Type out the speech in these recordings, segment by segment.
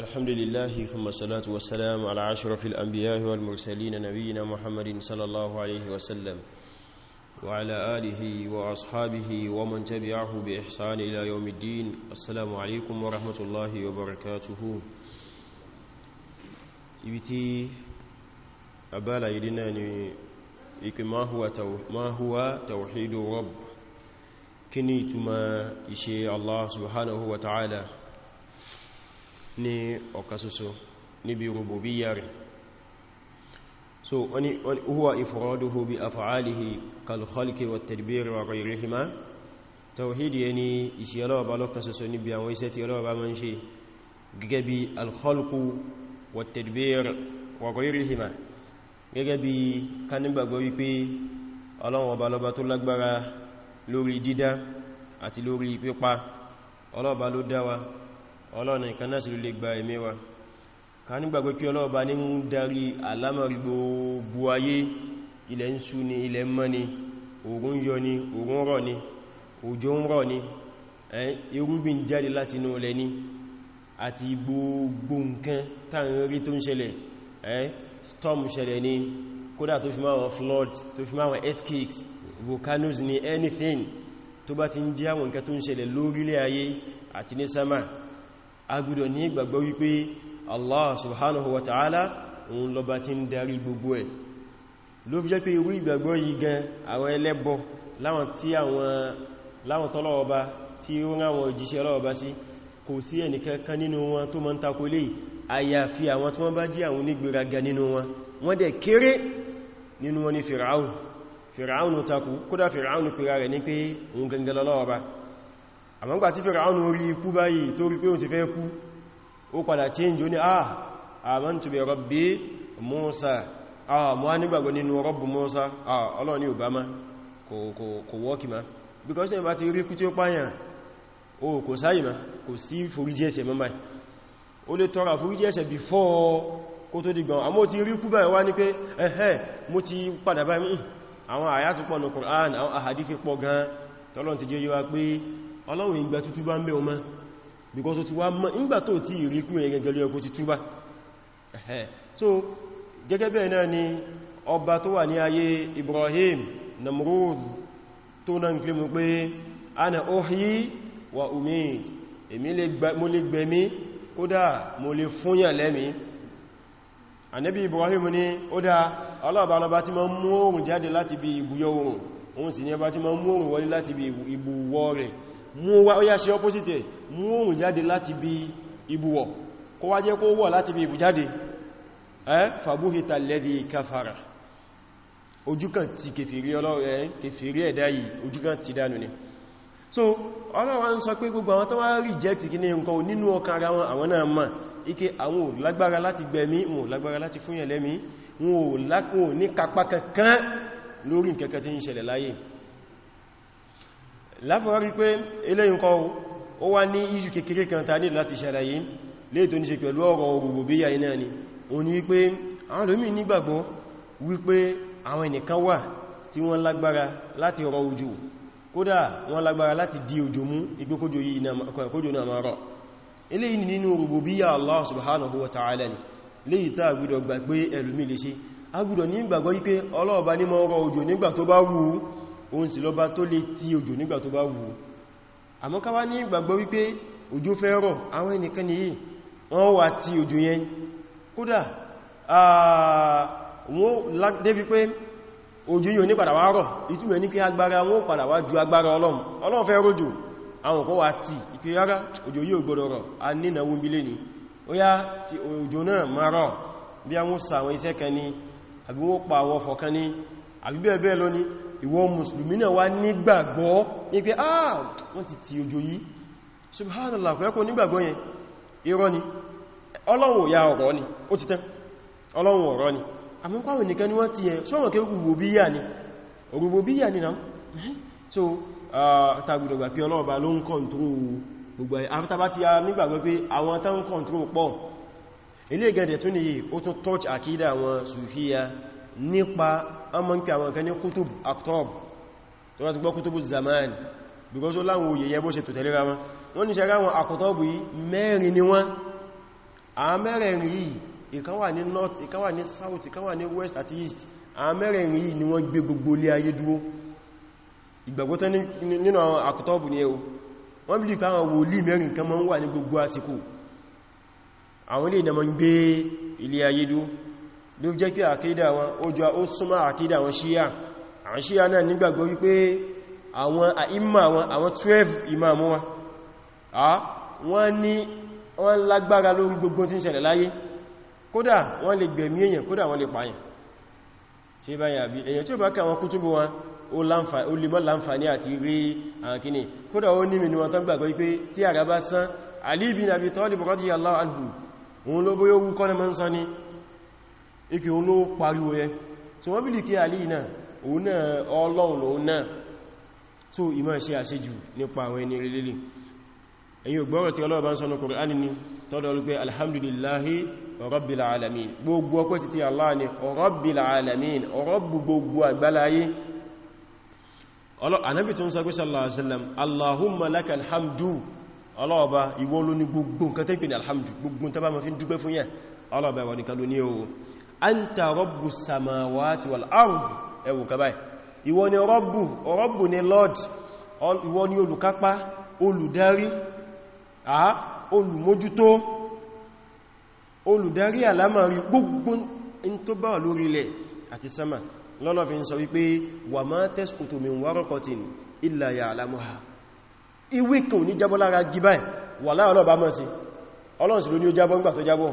الحمد لله ثم الصلاة والسلام على عشر في الأنبياء والمرسلين نبينا محمد صلى الله عليه وسلم وعلى آله وأصحابه ومن تبعه بإحسان إلى يوم الدين السلام عليكم ورحمة الله وبركاته يبتي أبالا يدناني ما هو, ما هو توحيد رب كنيتما إشي الله سبحانه وتعالى ní ọ̀kan ṣoṣo níbi rububiyya rẹ̀ so wani huwa ifraduhu bi af'alihi kal khalqi wat tadbir wa ghayrihima tawhid yani iṣẹ́ Ọlọ́run ba lọ́kan ṣoṣo níbi àwọn iṣẹ́ tí Ọlọ́run ba man ṣe gẹ́gẹ́ bí al khalqu wat tadbir wa ghayrihima gẹ́gẹ́ bí kanígbàgbọ́ wípé Ọlọ́run ọba lọ́ba tó lágbára lórí dídá àti lórí pípa Ọlọ́run ọba ló dáwa ọlọ́run nìkan náà sì lè gba ẹ̀mí wa ká nígbàgbé kí ọlọ́ọ̀bá ní ń darí alámọ̀rí gbogbo ayé ilẹ̀ ń ṣú ni ilẹ̀ mọ́ ni òòrùn yọ ni òòrùn rọ̀ ni òjò ń rọ̀ ni irúgbìn jáde láti inú ilẹ̀ ni àti gbogbo nǹkan táàrin tó ń ṣẹlẹ̀ storm ṣẹlẹ̀ ni kódà tó fi máwọn flood tó fi máwọn earthquakes volcanoes ni anything tó bá ti ń jẹ́ àwọn nǹkan tó ń ṣẹlẹ̀ lórílẹ̀ ayé àti ní sámà agbúdọ̀ ní ìgbàgbọ́ wípé Allah subhanahu wa ta'ala òun lọba tí ń darí gbogbo ẹ̀ ló fi jẹ́ pé irú ìgbàgbọ́ yìí gan àwọn ẹlẹ́bọ láwọn tí àwọn tọ́lọ́ọba tí ó ráwọn òjíṣẹ́ ọlọ́ọba sí kò sí ẹnìkankan nínú wọn tó mọ́ ń takò lè àyàfi àwọn tí wọ́n bá jí àwọn onígbèraga nínú wọn wọ́n dẹ̀ kéré nínú wọn ni Fir'aun Fir'aun takù kódà Fir'aun pèrà rẹ̀ ní pé òun gangalọ́lọ́ọba àmọ́ gbà tí Fíráúnù rí ikú báyìí tó rí pé òun ti fẹ́ kú ó padà change ó ní ah amantu bi rabbi Musa ah mo á nígbàgbọ́ nínú rọ́bù Musa ah ọlọ́ni ò bá má kò wọ́kì má because ní bá ti rí ikú tí ó pààyàn o kò sáyì má kò sí ti jẹ́ yíwa pé ọlọ́run ìgbà tútú bá ń bẹ́ ọmọ because o ti wá mọ́ ìgbà tó tí ìrìkún ẹ̀ gẹ́gẹ́ lórí ọkọ̀ ti túbá so gẹ́gẹ́ bẹ́ẹ̀ náà ni ọba tó wà ní ayé Ibrahim Namrud tó náà ń pè mú pé ana ohyi wa umid èmi mo lè gbẹ̀mí kódà mo lè fúnyà lẹ́mí Ànábì Ibrahim ni ó dá ọlọ́ọ̀bá ọlọ́ba tí mú wá ó yá ṣe opposite mú oòrùn jáde láti bí ibùwọ̀ kó wá jẹ́ kó wọ̀ láti bí ibùjáde ẹ́ fàbúhìta lẹ́dí káfàrà ojúkan ti kèfèrí ọlọ́rẹ̀ kèfèrí ẹ̀dá yìí ojúkan ti dánú ni so ọlọ́wà ń sọ pé gbogbo àwọn tó wá reject ike àwọn ò lágbára láti gbẹ̀mí wọn ò lágbára láti fúnyẹ̀lẹ́mí wọn ò ní kápá kankan lórí nǹkan kan tí láfọwọ́ rí pé eléyìn kọ́ ó wá ní iṣu kékeré kan ta ní láti ṣàlàyé lè tó ní ṣe pẹ̀lú ọ̀rọ̀ rububiyya iná ni ó ní wípé àwọn lómí nígbàgbọ́ wípé àwọn ẹnìkan wà tí wọ́n lágbára láti rọ òjò kódà wọ́n lágbára láti di òjò mú igbókójò yìí náà Allah subhanahu wa ta'ala ni léyìí tá àgbùdọ̀ gbà pé ẹlòmí lè ṣe agbùdọ̀ ní ìgbàgbọ́ wípé ọlọ́ọ̀bá ní òun sì lọ́ba tó lè ti òjò nígbà tó bá wù àmọ́ ká wá ní ìgbàgbọ́ wípé òjò fẹ́ rọ̀ àwọn ẹnìkan nìyí wọ́n wà ti òjò yẹn kódà wọ́n láti wípé òjò yóò ní padà wá rọ̀ ìtumọ̀ ní kí agbára wọn padà wá ju agbára Ọlọ́run Ọlọ́run rọ̀ a ni ó yá ti òjò náà máa pa àwọn ọfọ̀ kan ni àbí ìwọ mùsùlùmí náà wá nígbàgbọ́ ní pé ah wọ́n ti ti ojú yìí subhanallah kò ẹkùn nígbàgbọ́ yẹn irọ́ ni ọlọ́run ya ọ̀rọ̀ ni ó ti tán ọlọ́run ọ̀rọ̀ ni àmúkwàwò nìkan ni wọ́n ti yẹ sọ́wọ́n kẹ́ rúgbòbíyà ni rúgbòbíyà ni náà so tàgbùdọ̀gbà pé ọlọ́run bá ló ń kọ̀ntúrò gbogbo ẹ̀ àfítàbá ti ya nígbàgbọ́ pé àwọn tán ń kọ̀ntúrò pọ̀ ilé ìgẹ̀dẹ̀ tún ni ó touch àkídà àwọn sùfíya nípa an mọ́ ń pẹ àwọn kan ní kútùbù aktob tó wá ti gbọ́ kútùbù zaman because ó láwọn òye ni wọ́n àwọn mẹ́rin yìí ìkan wà ní north ìkan wà ní south ìkan wà ní west àti east àwọn mẹ́rin yìí ni wọ́n gbé gbogbo ilé ayé dúró ìgbàgbọ́ tán nínú àwọn aktobu ni ẹ̀wọ̀ wọ́n bí lípa àwọn wòlíì mẹ́rin kan mọ́ ń wà ní gbogbo àsìkò àwọn ilé ìdàmọ́ ń gbé ilé ayé dúró ló jẹ́ pé àkídà wọn ojú ó súnmọ́ àkídà wọn ṣíyà àwọn ṣíyà náà nígbàgbọ́ wípé àwọn àìmà wọn àwọn 12 imam wọn wọ́n ní wọ́n lágbára lórí gbogbo tí ń ṣẹlẹ̀ láyé kódà wọ́n lè gbẹ̀mí èèyàn kódà wọ́n lè pààyàn ṣe báyìí àbí èèyàn tí bá ká àwọn kútùbù wọn ó bá Ali bin Abi Talib radiyallahu anhu òun ló bóyó wú ikú òun ló pariwo yẹn so wọ́n bílì kí alì náà òun náà ọlọ́run lòun náà tó ìmọ̀ ṣe àṣejù nípa àwọn ẹni relélè ẹ̀yin ògbọ́rọ̀ tí ọlọ́ọ̀bá ń sọ ní Kùránì ń sọ pé ní gbogbo nǹkan tẹ́pìn alhamdu anta rabbu samawati wal ardi ewu ka báyìí ìwọ ni rabbu rabbu ni lord ìwọ ni olùkápá olùdarí a olùmójútó olùdarí alamari gbogbo in tó bá lórí ilẹ̀ àti sama lọ́nà fi ń sọ wípé wa ma tasqutu min waraqatin illa ya'lamuha ìwé kan ní jábọ́ lára gíbáyìí wà láàrín ọlọ́bàá mọ́ sí ọlọ́run ló ní ó jábọ́ nígbà tó jábọ́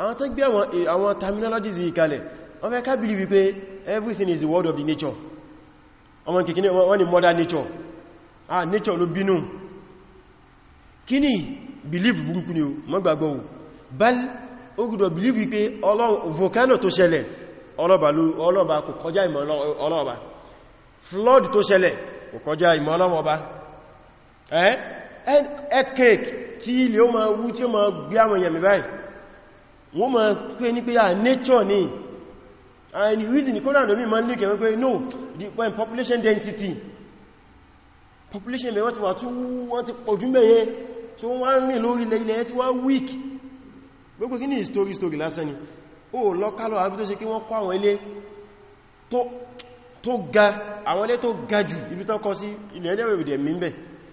àwọn tó gbé eh, àwọn terminologies yìí kalẹ̀ wọ́n fẹ́ ká bìlì wípé everything is the word of the nature ọmọ kìkíní wọ́n ni mother nature ah nature ló bínú kí ni believe burúkú ni o mọ́ gbàgbọ́ o bal ó gùdọ̀ belief wípé volcano tó ṣẹlẹ̀ ọlọ́ba kò kọjá ìmọ̀ ọlọ́ba flood tó ṣẹlẹ̀ kò kọjá ìmọ̀ ọlọ́ba earthquake tí ilẹ̀ ó ma wú tí ó ma gbé àwọn èèyàn mi báyìí wọ́n ma pé ní pé yà ah, nature ni ah, and the reason kó dáadọ́ mi ma ń lè kẹwẹ́ pé no the point population density population bẹ̀ wọ́n ti wà tún wọ́n ti pọ̀jú mẹ́yẹ tí wọ́n wá ń rìn lórí ilẹ̀ ilẹ̀ tí wá weak gbogbo kí ní story story lásán ni ó lọ́kálọ̀ àbí tó ṣe kí wọ́n kọ́ àwọn ilé tó ga àwọn ilé tó ga jù ibi tó kọ sí ilẹ̀ ẹlẹ́wẹ̀wẹ̀dẹ̀ mí bẹ̀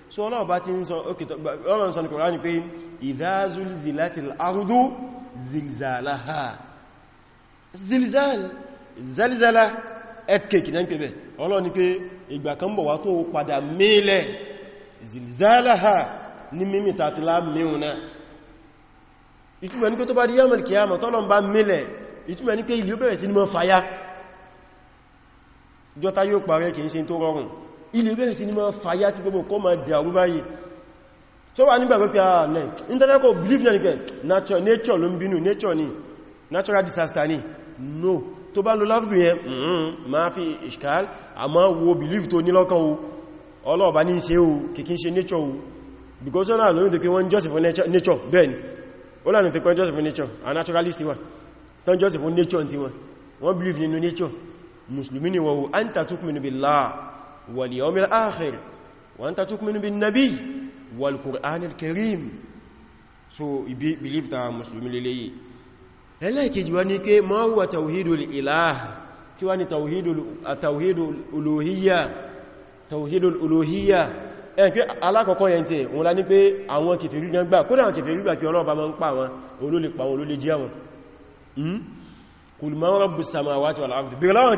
so ọlọ́ọ̀bá ti ń sọ ọlọ́run sọ ní kọ̀rọ̀ ní pé ìdázúlìzì láti arúdú zilzalaha zilzal zalzala earthquake náà ń pè bẹ́ ọlọ́ ni pé ìgbà kan bọ̀ wá tó padà mílẹ̀ zilzalaha ní mímí tàtílá mìíràn náà ìtumẹ̀ ní pé tó bá di yamal kiyama tọ́lọ̀ bá mílẹ̀ ìtumẹ̀ ní pé ìlú bẹ̀rẹ̀ sí ní mọ́ fàyá jọta yóò parẹ́ kìí ṣe tó rọrùn ìlú bẹ̀rẹ̀ sí ní mọ́ fàyá tí gbogbo kọ́ ma dẹ̀ àrúbáyìí tó wà ah, nígbà pẹ́pẹ́ ààlẹ̀ ìntẹ́lẹ́kọ̀ believe náà nìkẹ́ nature ló ń bínú nature ni natural disaster ni no tó bá lo láfíì yẹn ma mm-hmm, fi ìṣkàl àmọ́ wo believe tó nílọ́kàn o ọlọ́ọ̀bá ní ṣe o kìkí ṣe nature o because ọ̀nà lóyún tó kí wọ́n jọ́sìn fún nature bẹ́ẹ̀ ni ó lànà tó kọ́ jọ́sìn fún nature a naturalist wọn tán jọ́sìn fún wọ́n ni wọ́wọ́ anta tukminu billah wal yawmil akhir wal Qur'an al-Karim so ibi believe ta musulmi leleyi ẹlẹ́ẹ̀kejì wá ní pé ma wa tawhidul ilah kí wá ní tawhidul uluhiyya tawhidul uluhiyya ẹn pé alákọ̀ọ́kọ́ yẹn tí wọ́n lá ní pé àwọn kèfèrí gan gbà kódà àwọn kèfèrí gbà kí ọlọ́ọ̀bá ma ń pa wọn olólè pa wọn olólè jí àwọn kul hmm? man rabbus samawati wal ardi bí láwọn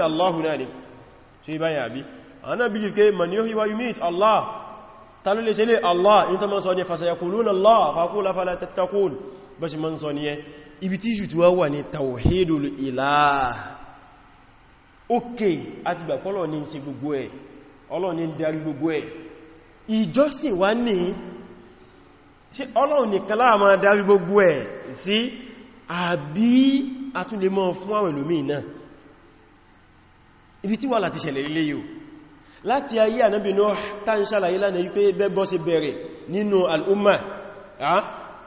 Allahu náà ni ṣe báyà ana believe ke man yuhyi wa yumit Allah ta ló lè ṣe lè Allah in ta man sọ ní fasayakuluna Allah faqula fala tattaqun bá ṣe man sọ ní e, ibi tí ṣù tí wá wà ní tawhidul ilah ókè àti gbà pọ́lọ̀ ní ṣe gbogbo ẹ̀ Ọlọ́run ní darí gbogbo ẹ̀ ìjọsìn wá ní ṣe Ọlọ́run nìkan la máa darí gbogbo ẹ̀ sí àbí a tún lè mọ́ fún àwọn ẹlòmíì náà ibi tí wà láti ṣẹlẹ̀ láti ayé ànábì Nuh tán ṣàlàyé lánàá wípé bẹ́gbọ́ sí bẹ̀rẹ̀ nínú al'umma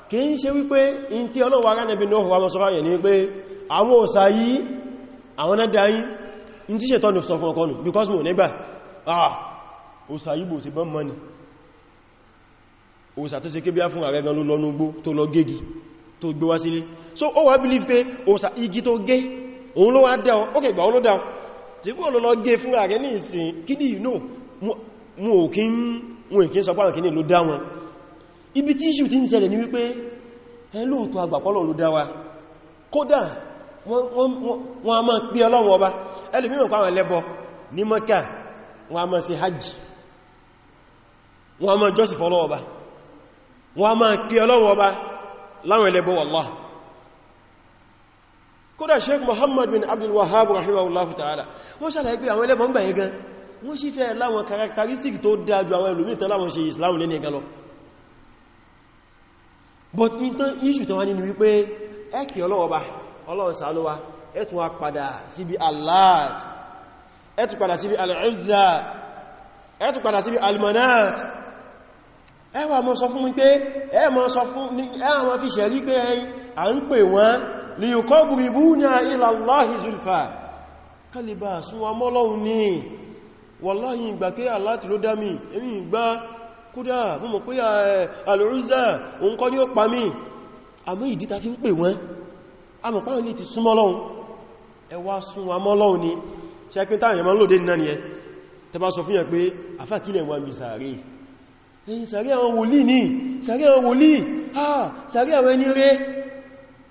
kì í ṣe wípé in tí ọlọ́wà ránàbì Nuh wà mọ́ sọ́rọ̀ yẹ̀ ní pé àwọn òsà yìí àwọn adáyí in tí because mo nígbà òsà yìí bò sí bọ́n mọ́ni òsà tó ṣe kébíá fún ààrẹ gan ló lọ́nú gbó tó lọ so ó wà believe pé òsà igi tó gé òun ló wá dá tí kí lọ gé fún ààrẹ ní ìsìn kí ní ìnú mú òkín wọn ìkín sọ pàwọn kìíní ló dá wọn ibi tí ìṣù ti ń sẹlẹ̀ ní wípé ẹlóòtọ́ àgbàpọ́lọ̀ ló dá wa kódà wọn a máa pí ọlọ́run ọba ẹlòmíràn pàwọn ẹlẹ́bọ ní kódà sheik muhammad bin abdul wahhab rahimahullahu ta'ala wọ́n ṣàlàyé pé àwọn ẹlẹ́bọn gbà yẹn gan wọ́n sì fẹ́ láwọn karakteristik tó dájú àwọn ẹlòmítà láwọn se islam lẹ́ni ẹ̀gá lọ but in tán iṣù tán wá nínú wípé ẹkì ọlọ́ọ̀bá ọlọ́run liyuqabribuna ila Allahi zulfa kálíbà súnwà mọ́lọ́un ní wallahi ìgbà pé Allah ti ló dámi èmi ìgbà kódà mú mọ̀ pé al-Uzza òun kọ́ ní ó pa mí àmú ìdí ta fi ń pè wọ́n a mọ̀ páwọn ní ti súnmọ́lọ́un ẹwà súnwà mọ́lọ́un ní ṣe pé táwọn yẹmọ́ lóde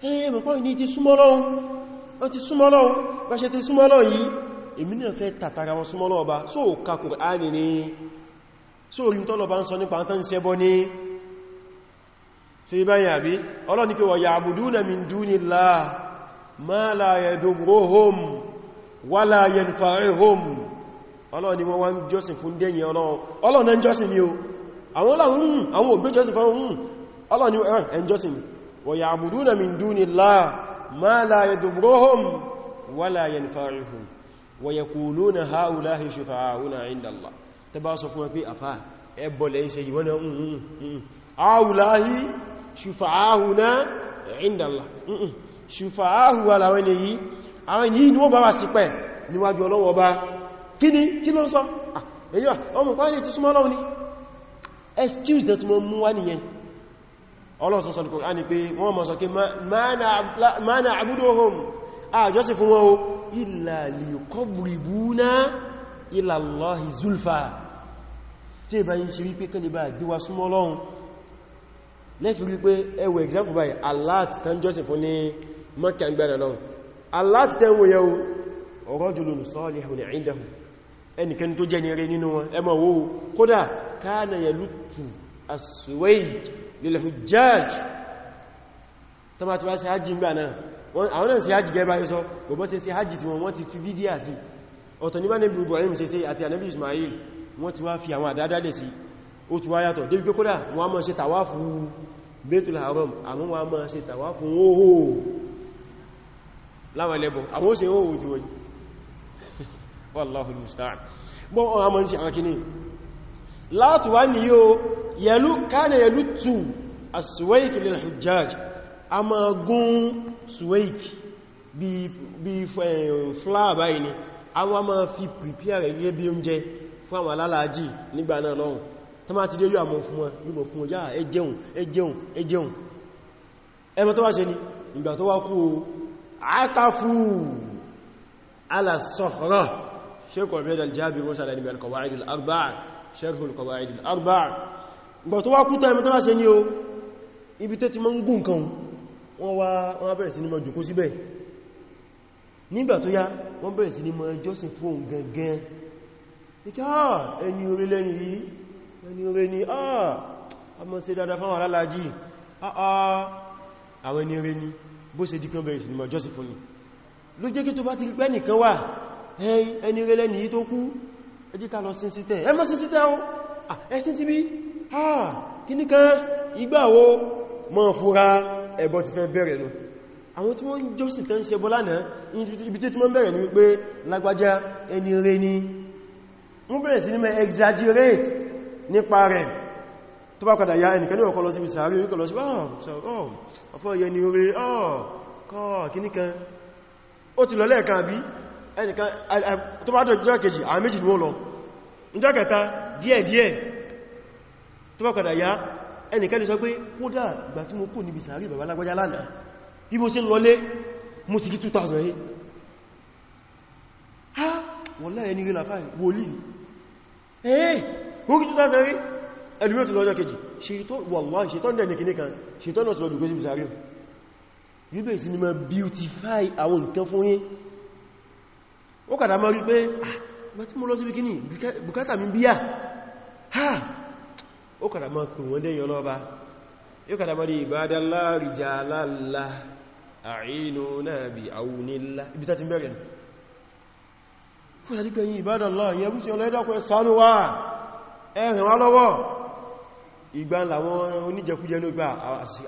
Eh, ẹmọ̀pọ̀ ní ti súnmọ́lọ́un bá ṣe ti súnmọ́lọ́ yìí èmi náà fẹ́ tàtàrà wọn súnmọ́lọ́ ọba só ka Kùránì ní só orí tọ́lọba ń sọ nípa tán sẹ́bọ́ ní ṣe báyìí àbí Ọlọ́hun ní pé ma la yadurruhum wa la yanfa'uhum Ọlọ́hun ní wọ́n wá ń jọ́sìn fún dẹ́yìn Ọlọ́hun náà jọ́sìn ni ó àwọn Ọlọ́hun àwọn ògbé jọ́sìn fún ويعبدون من دون الله ما لا يضرهم ولا ينفعهم ويقولون هؤلاء شفعاؤنا عند الله تباصفوا في أفاه ẹbọ̀ lẹ́yìn ṣe ìwọ́n náà áwùláhí ṣùfàáhù náà ìndàlá ṣùfàáhù aláwọ̀ ni yìí àwọn yìí ni wọ́n bá wà sí pẹ̀ níwájú ọlọ́wọ́ bá kí ni kí ló ń sọ ọlọ́sọ̀ sọ Al-Qur'ani pé wọ́n mọ̀ sọ kí ma na'buduhum a jọ́sí fún wọn o illa liyuqarribuna ila Allahi zulfa tí ìbá yìí ṣe rí pé kẹ́lẹ̀bá gbíwa súnmọ́ Ọlọ́run lẹ́fì rí pé ẹwọ example by Allah tán jọ́sí fún ní Mẹ́kà gbẹ́rẹ̀ lọ́run Allah tán wọ yẹ́ o rajulun salihun 'indahu ẹnikẹ́ni lil-hujjaj tó bá ti wá sí hajji ń gbà náà àwọn náà sí hajji gẹ́bà yóò sọ gbogbo sí sí hajji tí wọ́n ti fi bídíà sí ọ̀tọ̀ níbá ní Ibrahim ṣe sí àti Ànábì Ismail wọ́n ti wá fi àwọn àdádálẹ̀ sí ó ti wá yàtọ̀ débi pé kódà wọ́n máa ṣe tàwáfù láti wá ní yóò yẹlú káàlẹ̀ yẹlú tù a suwaik lil hujjaj a ma gún suwaik bí fláà báyìí ni a wá ma fi prepare gẹ́gẹ́ bí oúnjẹ fún àwọn alálàájì nígbà náà lọ́hùn tó má ti dé yóò àmọ́ fún wọn yóò fún wọn yáà ẹjẹun ẹjẹun ẹjẹun ẹmọ tó wá ṣe ni ìgbà tó wá kú àtàfù alàsọ̀rọ̀ ṣe kọ̀rọ̀ bí ẹ̀dà jábí wọ́n kọ̀wàá ìdìl sharhul qawaid al-arba' gbọ́ tó wá kúta ẹmọ́ tó wá ṣe ní o ibi tó ti mọ́ ń gùn kan wọ́n wá wọ́n bẹ̀rẹ̀ sí ní mọ́ jùkú síbẹ̀ nígbà tó yá wọ́n bẹ̀rẹ̀ sí ah ẹni orí lẹ́ni yìí ni ah a mọ́ sí dada fáwọn alálàájì ah ah àwọn ẹni orí ni bó ṣe di kan bẹ̀rẹ̀ sí fún ni ló jẹ́ ẹni yìí tó kú ẹjíká lọ sí sítẹ̀ ẹ mọ́ sí sítẹ̀ o ẹ̀sìn sí bí ah kí ní kan ìgbàwo mọ́ fúra ẹbọ ti fẹ́ bẹ̀rẹ̀ nù àwọn tí wọ́n jọ́sìn tẹ́ ń ṣe bọ́ lánàá ibi tí wọ́n bẹ̀rẹ̀ ní wípé lágbájá ẹni rẹ ni wọ́n bẹ̀rẹ̀ sí ní mẹ́ exaggerate nípa rẹ̀ tó bá padà ya ẹnìkan ní ọkọ̀ lọ sí ibi sàárì orí kọ̀ lọ sí oh, oh, ọ̀fọ́ ìyẹni orí oh, ọ̀ kọ́ kìníkan ó ti lọ lẹ́ẹ̀kan àbí ẹnìkan tó bá dọ̀jọ́ kejì àwọn méjì ni wọ́n lọ ìjọ́ kẹta díẹ̀díẹ̀ tó bá padà yá ẹnìkan lè sọ pé kódà gbà tí mo kò níbi sàárì bàbá lágbàjá lánàá bí mo ṣe ń lọlé mo sì kí 2000 yìí ha wọ́lá ẹni rí làfáì wòlí ni ẹ̀ẹ́ mo kí 2000 rí ẹlùmí òtù lọ́jọ́ kejì ṣètọ́n dẹ̀ nìkìní kan ṣètọ́n náà ti lọ́jọ́ kejì bí ni ma ó kàdà mọ́ rí pé ah, àmọ́ tí mo lọ sí bikini bùkátà mi bíyà ha ó kàdà mọ́ pè wọ́n dẹ́yọ lọ́ba yóò kàdà mọ́ rí ìbádàlá rìjàlálá àìnú náà bí àwúnilá ibi tàti bẹ̀rẹ̀ kọ́lá dípẹ̀ yìí ìbádàlá yẹn bú sí ọlọ́ẹ́dọ́kọ̀ ẹ̀sánú wá ẹ̀rìn wá lọ́wọ́ ìgbà làwọn oníjẹkújẹ ló gbà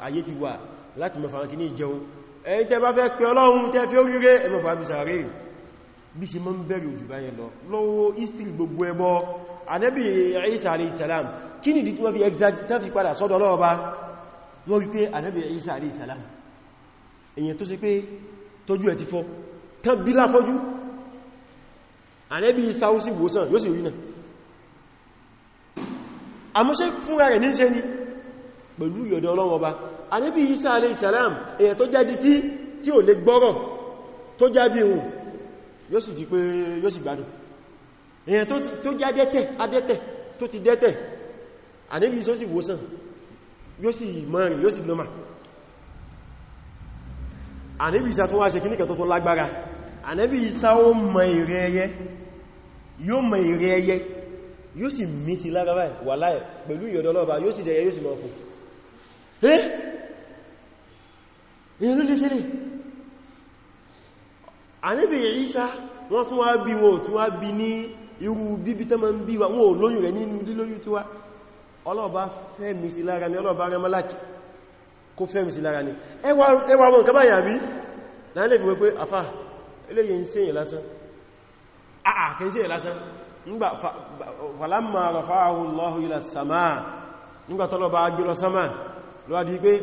ayé ti wà láti mọ̀fàrankì ní ìjẹun ẹ̀yìn tẹ́ bá fẹ́ pẹ́ ọlọ́run tẹ́ fi ó ríre ẹmọ̀fà bí sàárè bí ṣe mọ́ ń bẹ̀rẹ̀ òjò báyẹn lọ lọ́wọ́ istri gbogbo ẹbọ Ànábì Isa alayhi salam kí ni tí wọ́n fi exaggerate padà sọ́dọ̀ lọ́ọba wọ́n wípé Ànábì Isa alayhi salam èyàn tó ṣe pé tójú ẹ̀ ti fọ́ tán bí láfọ́jú Ànábì Isa ó sì wòsàn yóò sì rí náà àmúṣẹ́ fúnra rẹ̀ ní ṣe ni pẹ̀lú yọ̀dọ̀ ọlọ́wọ́ba Ànábì Isa alayhi salam èyàn tó jáde tí ò lè gbọ́rọ̀ tó jábí ohun yóò sì di pé yóò sì gbádùn èyàn tó jẹ́ adẹ́tẹ̀ adẹ́tẹ̀ tó ti dẹ́tẹ̀ àníbi tó sì wòsàn yóò sì mọ́rin yóò sì nọ́mà àníbi ìsá tó wá ṣe kíníkà tó tó lágbára àníbi ìsá ó mọ èrè ẹyẹ yóò mọ èrè ẹyẹ yóò sì mí sí lára wà láì ànábì isa won tún bi bi wọn tún wá bí ní irú bíbí tó ma ń bí wa wọn ò lóyún rẹ̀ nínú lílóyún tí wá ọlọ́ọ̀bá fẹ́mi sí lára ní ọlọ́ọ̀bá rẹ̀ mọ́láàkì ya fẹ́mi sí lára ní ẹwà wọn kaba yà bí láàrín fi wé pé afá eléyìn sẹ́yìn lásán àà kìí sẹ́yìn falamma rafa'ahu Allahu ila samaa nígbà tọ́lọ́bá agbélọ sama lọ́wọ́ di pé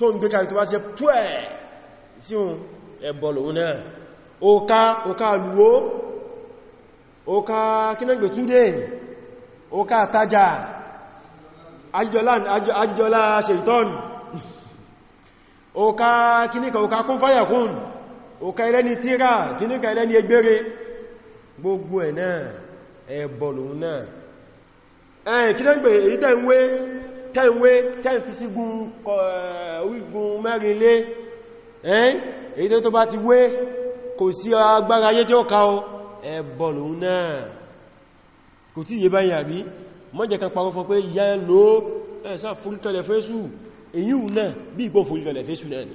tó ń gbé kàrí tó bá ṣe pẹ́ sí un ẹ̀bọ̀lò náà òká òká lúwó òká kínágbè túnlé òká tajà ajíjọlá ṣètọ́n òká kíníkà òká kún fáyàkún òká ẹlẹ́ni tíra kíníkà ẹlẹ́ni egbére gbogbo ẹ̀ náà ẹ̀bọ̀lò náà ẹ̀ kínágbè tẹ́wé tẹ́fisígun orígun eh, mẹ́rin lé ẹ́n èyí tó tó bá ti wé kò sí agbára ayé tí ó ká ọ ẹbọ̀lù náà kò tí yẹ báyìí àrí mọ́jẹ̀ kan parọ́ fún pé ìyá ló ẹ̀sá fúrúkẹlẹ̀ fésù èyí náà bí ìgbọ́ fúrúkẹlẹ̀ fésù náà ni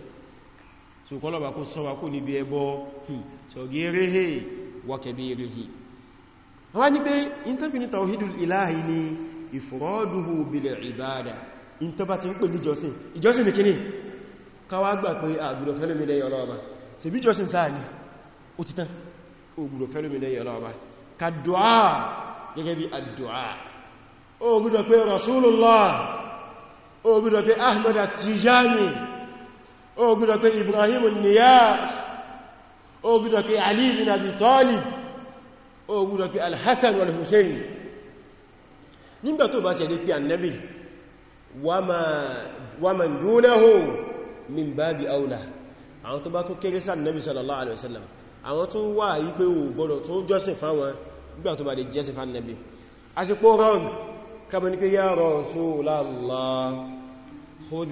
so kọlọ̀bà kó sọ́wà kó níbi ẹbọ hmm. sọ̀gẹ́rẹ́hẹ́ wọ́kẹ̀bẹ̀ẹ́rẹ́hẹ́ wọ́n ní pé ìntẹ́bìnítà òhìdùl ìláhì ni ìfúrọ́dùhù bilẹ̀ ìbádà in tó bá ti ń pè ní ìjọsìn ìjọsìn ní kíní káwà gbà pé àgbùdọ̀ fẹ́lómìnlẹ̀ ọlọ́ọ̀bá sí bí ìjọsìn sáà ní ó ti tán ògbùdọ̀ fẹ́lómìnlẹ̀ ọlọ́ọ̀bá ka dùá gẹ́gẹ́ bí àdùá ògbùdọ̀ pé Rasulullah ògbùdọ̀ pé Ahmad Tijani ògbùdọ̀ pé Ibrahim Niyas ògbùdọ̀ nígbà tó bá ṣe lè pé annabi wa man dunahu min babi aula àwọn tó bá tó kéré sí annabi sallallahu alaihi wasallam àwọn tó wà yí pé ò gbọ́dọ̀ tó jọ́sìn fáwọn nígbà tó bá lè jẹ́sìn fáwọn annabi a sì pọ́ rọ́n kama ní pé ya Rasulallah khudh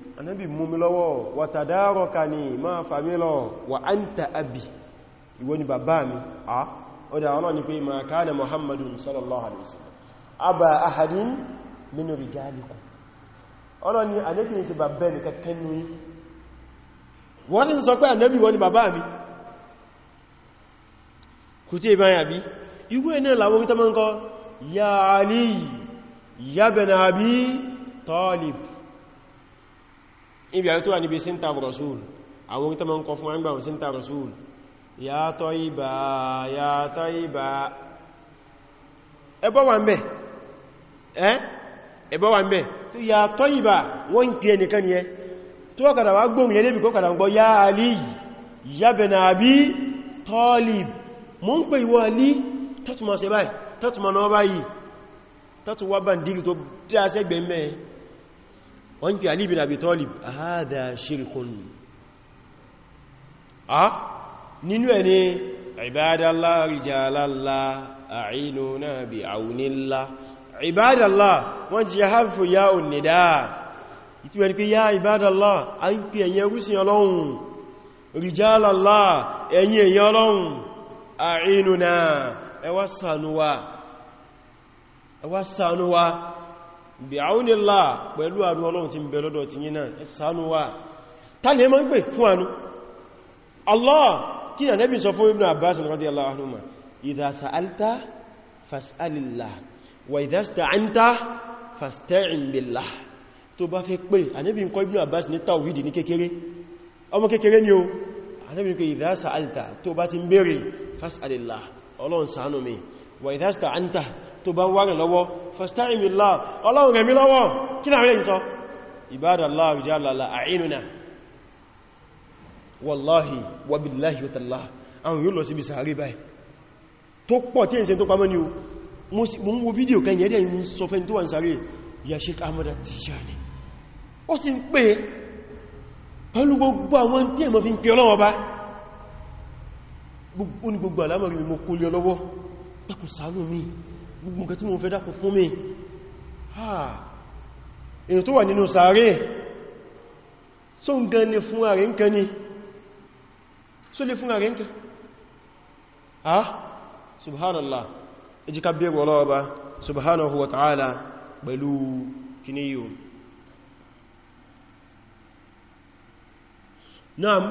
anábì mú mi lọ́wọ́ wa tadarakani máa fà mí lọ wa anta abi ìwọ ni bàbá mi a ọdá ọlọ́ ni pé ma kana muhammadun sallallahu alaihi wasallam aba ahadin min rijalikum ọlọ́ ni anábì ń ṣe bàbá ní kankan ní wọ́n sì sọ pé anábì wọ́n ni bàbá mi kò tí ìbá yàbí igbó iná làwọn tó mọ́ talib ibi àyẹ́ tó wà níbi sínta rasul àwọn orí tó ma ń kọ fún wọn wọn sínta rasul ya tayyiba ya tayyiba ẹbọ́ wà ń bẹ̀ ẹbọ́ wà ń bẹ̀ tó ya tayyiba wọ́n ń pè nìkan yẹ tó ọkàdà wà gbóhùn yẹ débi Ali ya Talib mọ́ ń pè ìwọ Ali tọ́tùmọ̀ sí báyìí tọ́tùmọ̀ náà wọ́n kí Ali bin Abi Talib hadha shirkun a nínú ẹ̀ ni ibadallah rijalallah a'inuna bi aunillah ibadallah wọ́n jí harfu ya onida ìtíwẹ̀ ni pé ya ibadallah a ń pè ẹ̀yẹ rúsìn ọlọ́run rijalallah ẹ̀yìn èyàn bí àúnilá pẹ̀lú àrùn ọlọ́run ti ń bẹ lọ́dọ̀ ti yínà ẹ̀sánú wa tàlẹ̀ mọ́ ń pè fún àánú Allah kí nà nẹ́bí sọ fún Ibn Abbas radiyallahu anhuma idha sa'alta fas'alillah wa idha ista'anta fasta'in billah tó bá fẹ́ pè ànẹ́bí kọ́ Ibn Abbas ní tàwídì ní kékeré ọmọ kékeré ni tó bá wárẹ̀ lọ́wọ́ fasta'in billah ọlọ́run rẹ̀ mí lọ́wọ́ kí náà rẹ̀ sọ ibadallah rijalala a'inuna wallahi wabillahi watallah àwọn yóò lọ síbi sàárè báyìí tó pọ̀ tí ẹ̀sẹ̀ tó pamọ́ mo ń wo fídíò kan yẹ́dẹ̀ ń Tijani ó sì ń pè pẹ̀lú gbogbo àwọn tí ẹ̀mọ́ fi ń pè ọlọ́wọ́ bá mi mo kó lé ọlọ́wọ́ pẹ́kù ṣàánú mi gbogbo nǹkan tí mo fẹ́ dákùn fún mi èyàn tó wà nínú sàárè só ń gan lè fún ààrẹ ń kẹ ni só lè fún ààrẹ ń kẹ ha subhanallah ejíká bẹ̀rù ọlọ́ọba subhanahu wa ta'ala pẹ̀lú kìníyò naam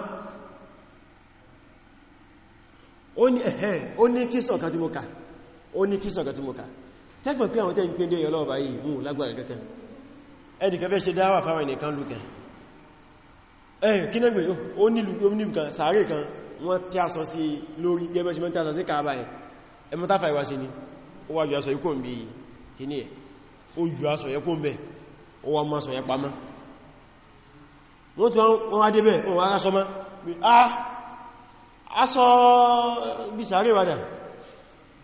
ó ní ẹ̀hẹ́ ó ní kí sọ̀kàtí mo kà ó ní kíso ọ̀gá tí mo ká tẹ́gbọ̀n pé àwọn tẹ́yìn pínlẹ̀ ọlọ́ọ̀bá yìí mú lágbàrí kẹ́kẹ́ ẹnìkan fẹ́ ṣe dáwà fáwọn ẹnìkan lùkẹ́ ẹ̀yìn kí nẹ́gbẹ̀ ó nílùú kan sàárè kan wọ́n tí a sọ sí lórí gẹ́gẹ́ sí mẹ́ta sọ sí kàábà ẹ̀ ẹmọ táfà ìwá sí ni ó wá yọ aṣọ ikú bí kí ní ẹ̀ ó yọ aṣọ yẹ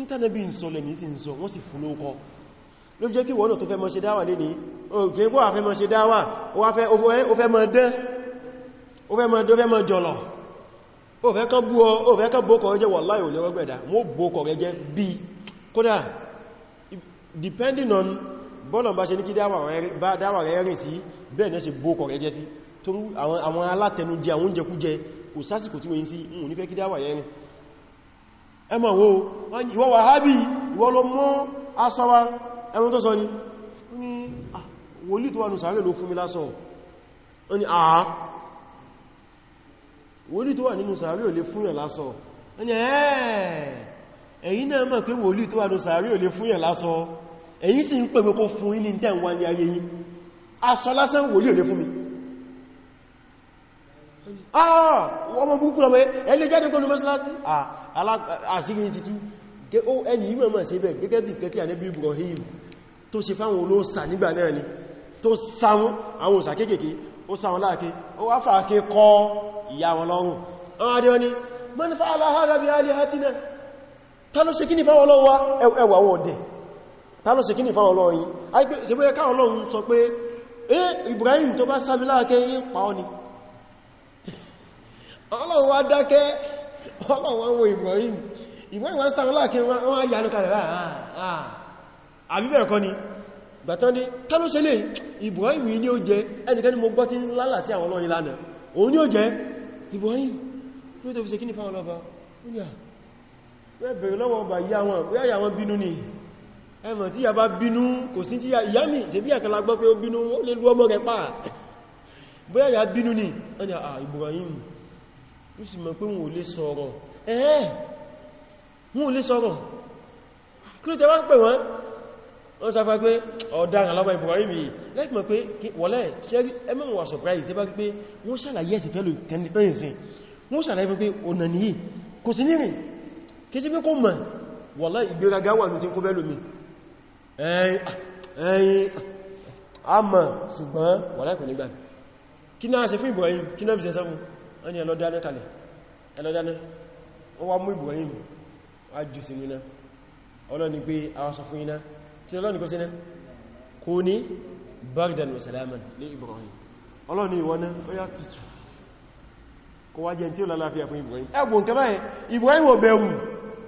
ìntànẹ́bí ń sọ lẹ́ni sí ń sọ wọ́n sì fún lóókọ́ ló jẹ́ kí wọ́n tó fẹ́ mọ́ ṣe dáwà lé ní òkè kó wà fẹ́ mọ́ ṣe dáwà ó fẹ́ mọ́ dẹ́ ó fẹ́ mọ́ dẹ́ ó fẹ́ mọ́ jọlọ ó fẹ́ kán bú ọ ó depending on bọ́lọ̀ bá ṣe ní kí dáwà rẹ rìn sí bẹ́ẹ̀ náà ṣe bókọ̀ rẹ jẹ́ sí torí àwọn alátẹnujẹ àwọn oúnjẹkújẹ kò sásìkò tí wọ́n yí ẹmọ̀ wo ìwọ wàhábí ìwọ ló mọ́ aṣọwa ẹmọ tó sọ ni ní ah, wòlí tó wà nùsàárè ló fún mi lásọ ó ní àá wòlí tó wà nínú sàárè ò lè fún yàn lásọ ó ní ẹ̀yin náà mọ̀ pé wòlí tó wà nínú sàárè ò lè fún yàn lásọ ẹ̀yin sì ń pè mí fún yín tẹ́ wà ní ayé yín aṣọ lásán wòlí ò lè fún mi ọmọ burúkú lọ mẹ́ ẹlẹ́jáde àṣírí títú ẹni ìwé mọ̀ sí ibẹ̀ gẹ́gẹ́ bí kẹtí ànẹ́bí Ibrahim tó ṣe fáwọn olóòsà nígbà náà ni tó sáwọn àwọn òsà kéèkèé ó sáwọn láàké ó wá fàáké kọ ìyá wọn lọ́rùn àwọn adé wọn ni man fa'ala hadha bi alihatina ta ló ṣe kíní fáwọn ọlọ́wọ́ ẹwà àwọn ọ̀dẹ̀ ta ló ṣe kíní fáwọn ọlọ́wọ́ yìí ṣe bóyẹ káwọn ọlọ́run sọ pé eh Ibrahim tó bá sábí láàké yìí pa ọ́ ni ọlọ́run wá dákẹ́ ọlọ́wọ́n wo Ibrahim Ibrahim wọ́n sáwọn láàkí wọ́n yánú kalẹ̀ láàá ah, ah, ah. àbíbẹ̀ ẹ̀kọ́ ni gbàtọ́ndé tánú ṣe lè Ibrahim ní ó jẹ ẹnikẹ́ni mo gbọ́ tí lálà sí àwọn ọlọ́yìn lánà òun ní ó jẹ Ibrahim ló tó fi ṣe kí ní fáwọn ọlọ́ba bẹ̀rẹ̀ lọ́wọ́ ọba ìyá wọn pé àyà wọn bínú ni ẹmọ̀ tí ìyá bá bínú kò sí tí ìyá mi ṣe bí àkàlà gbọ́ pé ó bínú ó lè lú ọmọ ìyá ó sì mọ̀ pé wọn ò lè sọ̀rọ̀ ẹ̀ẹ́ wọn ò lè sọ̀rọ̀ kí ló tẹ́ wọ́n pè wọ́n wọ́n sọ pé ọ̀daràn lọ́wọ́ Ibrahim lẹ́kì mọ̀ pé wọ́lẹ̀ ṣẹ́rí ẹmọ́n wà surprise tẹ́ bá pé wọ́n ṣàlàyé ẹ̀sì fẹ́lú kẹ́ndìtẹ́yìnsìn wọ́n ṣàlàyé pé ọ̀nà nìyí kò sí nírìn kí sí pé kó mọ̀ wọ́lẹ̀ ìgbéraga wà ní tí kó bẹ́lú mi ẹ̀yìn àmà ṣùgbọ́n wọ́lẹ̀ kò nígbà kí náà ṣe fún Ibrahim kí náà fi ṣe sẹ́fún wọ́n ni ẹlọ́dáná kalẹ̀ ẹlọ́dáná wọ́n wá mú Ibrahim wá jù sí iná ọlọ́ni pé àwọn sọ fún iná tí ọlọ́ni kó sí iná kó ní bardan wa salaman ní Ibrahim ọlọ́ni ìwọ́ná ó yá tutù kó wá jẹ́ tí ó lálàáfíà fún Ibrahim ẹgbùn kẹ Ibrahim ò bẹ̀rù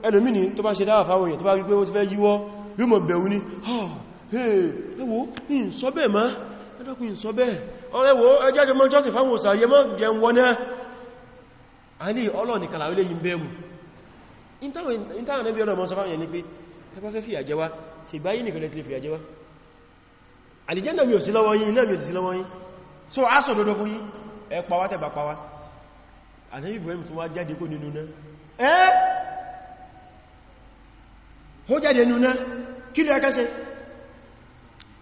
ẹlòmí ni tó bá ṣe dáwà fáwọn èèyàn tó bá rí pé ó ti fẹ́ yíwọ́ ah, yóò ẹ̀dọ́kùn sọ bẹ́ẹ̀ ọ̀rẹ́wò ẹjẹ́jọ mọ́ jọ́sìn fáwọn òsàyẹ mọ́ jẹun wọ́n náà alì ọlọ́ni kàlàrí lè yìn bẹ́ẹ̀mù ìntàwọn ẹbí ọlọ́mọ sọ fáwọn yẹn ni pé tẹbá fẹ́ fìyà jẹwa sì báyìí nìkan lẹ́tìlẹ̀ so a sọ dodo fún yín ẹ pàwá tẹ̀bà pàwá ànábì Ibrahim tún wá jáde kó nínú náà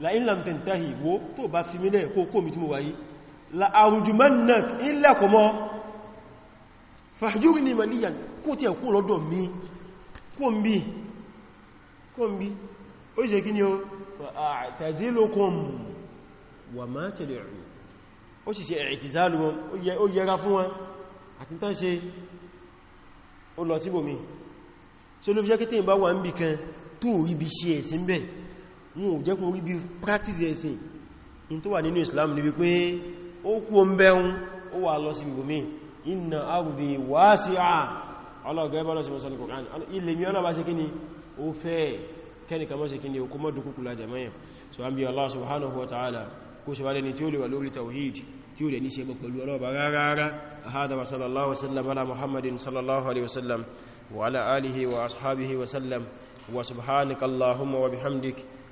láìlàm tẹ̀ntàhì wo to bá fi mílẹ̀ kó kó mi tí mo wáyé láàrùjùmánàk ilẹ̀kọ̀ mọ́ fàájúrí ní maliyan kó tí ẹ̀kú lọ́dọ̀ mi kó ń bí ó ṣe kí ni ó fa'atazilukum wà máa tẹ̀lẹ̀ rù ó sì ṣe ẹ̀ẹ̀tìzálù wọn ó yẹra fún wọn àti tán ṣe ó lọ síbòmí tó ló fi jẹ́ kí tí ìbá wà ń kan tó rí bí ṣe ẹ̀sìn wọn ò jẹ́ kún bí practice ẹ̀sìn in tó wà nínú Islam ní wípé ó kú o ń bẹ́un ó wà lọ sí ibòmí inna ardi wasi'a ọlọ́gẹ́ bọ́lọ́ sí mọ́sán Qur'an ilẹ̀ mi ọlọ́bá ṣe kíni ó fẹ́ kẹ́nìkà mọ́ ṣe kíni okú Allah subhanahu wa ta'ala kó ṣe wálẹ́ni tí ó lè wà lórí tawhid tí ó lè ní ṣe bọ̀ muhammadin sallallahu alaihi wasallam wa ala wa ashabihi wasallam wa subhanakallahumma wa bihamdik